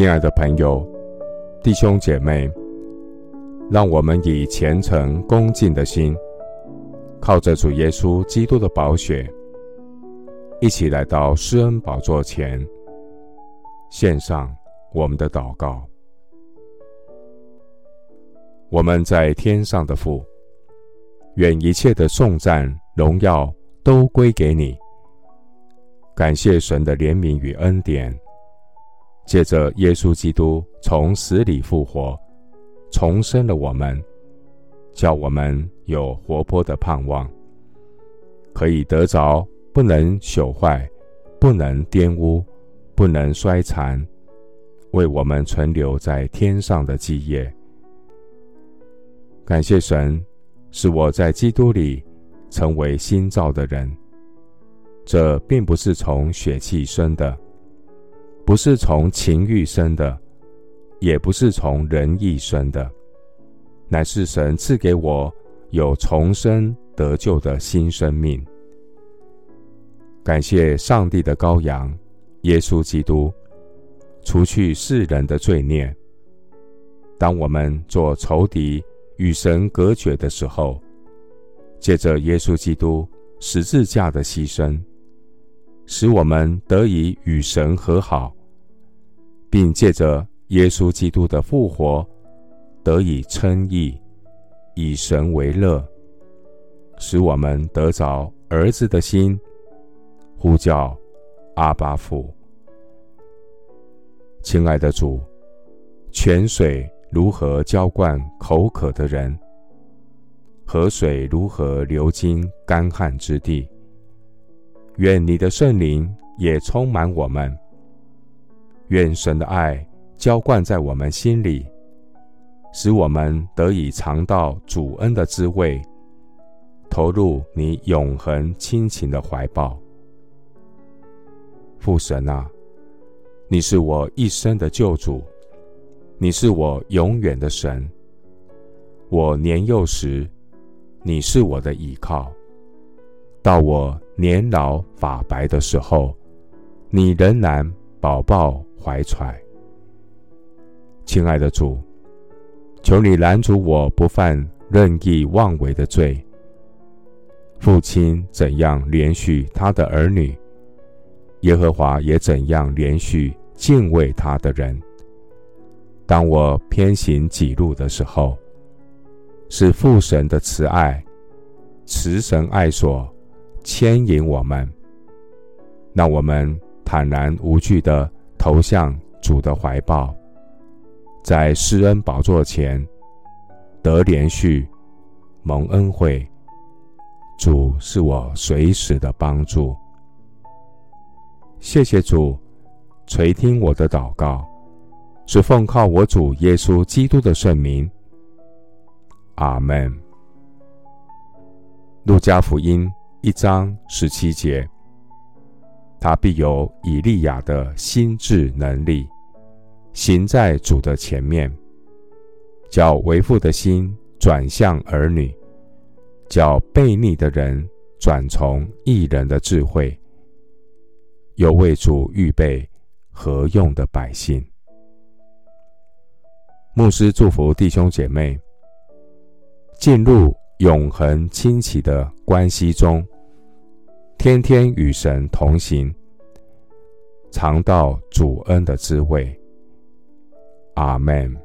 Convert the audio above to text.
親愛的朋友、弟兄姐妹，讓我們以虔誠恭敬的心，靠着主耶穌基督的寶血，一起來到施恩寶座前，獻上我們的禱告。我們在天上的父，願一切的頌讚、榮耀都歸給你。感謝神的憐憫與恩典。借着耶穌基督從死裡復活，重生了我們，叫我們有活潑的盼望，可以得着不能朽壞、不能玷污、不能衰殘，為我們存留在天上的基業。感謝神，使我在基督裡成為新造的人，這並不是從血氣生的。不是從情慾生的，也不是從人意生的，乃是神賜給我有重生得救的新生命。感謝上帝的羔羊，耶穌基督，除去世人的罪孽。當我們做仇敵與神隔絕的時候，借着耶穌基督十字架的犧牲，使我們得以與神和好。並借着耶穌基督的復活，得以稱義，以神為樂，使我們得着兒子的心，呼叫阿爸父。親愛的主，泉水如何澆灌口渴的人，河水如何流經乾旱之地，願你的聖靈也充滿我們。願神的愛澆灌在我們心裡，使我們得以嚐到主恩的滋味，投入你永恆親情的懷抱。父神啊，你是我一生的救主，你是我永遠的神。我年幼時，你是我的依靠；到我年老髮白的時候，你仍然。寶寶懷揣，親愛的主，求你攔阻我不犯任意妄為的罪。父親怎樣憐恤他的兒女，耶和華也怎樣憐恤敬畏他的人。當我偏行己路的時候，是父神的慈愛、慈繩愛索牽引我們，讓我們。坦然無懼地投向主的懷抱，在施恩寶座前得連續蒙恩惠。主是我隨時的幫助，謝謝主垂聽我的禱告，是奉靠我主耶穌基督的聖名。阿門。路加福音一章十七節。他必有以利亞的心志能力，行在主的前面，叫為父的心轉向兒女，叫悖逆的人轉從義人的智慧，又為主預備合用的百姓。牧師祝福弟兄姐妹，進入永恆親情的關係中。天天與神同行，嘗到主恩的滋味。阿們。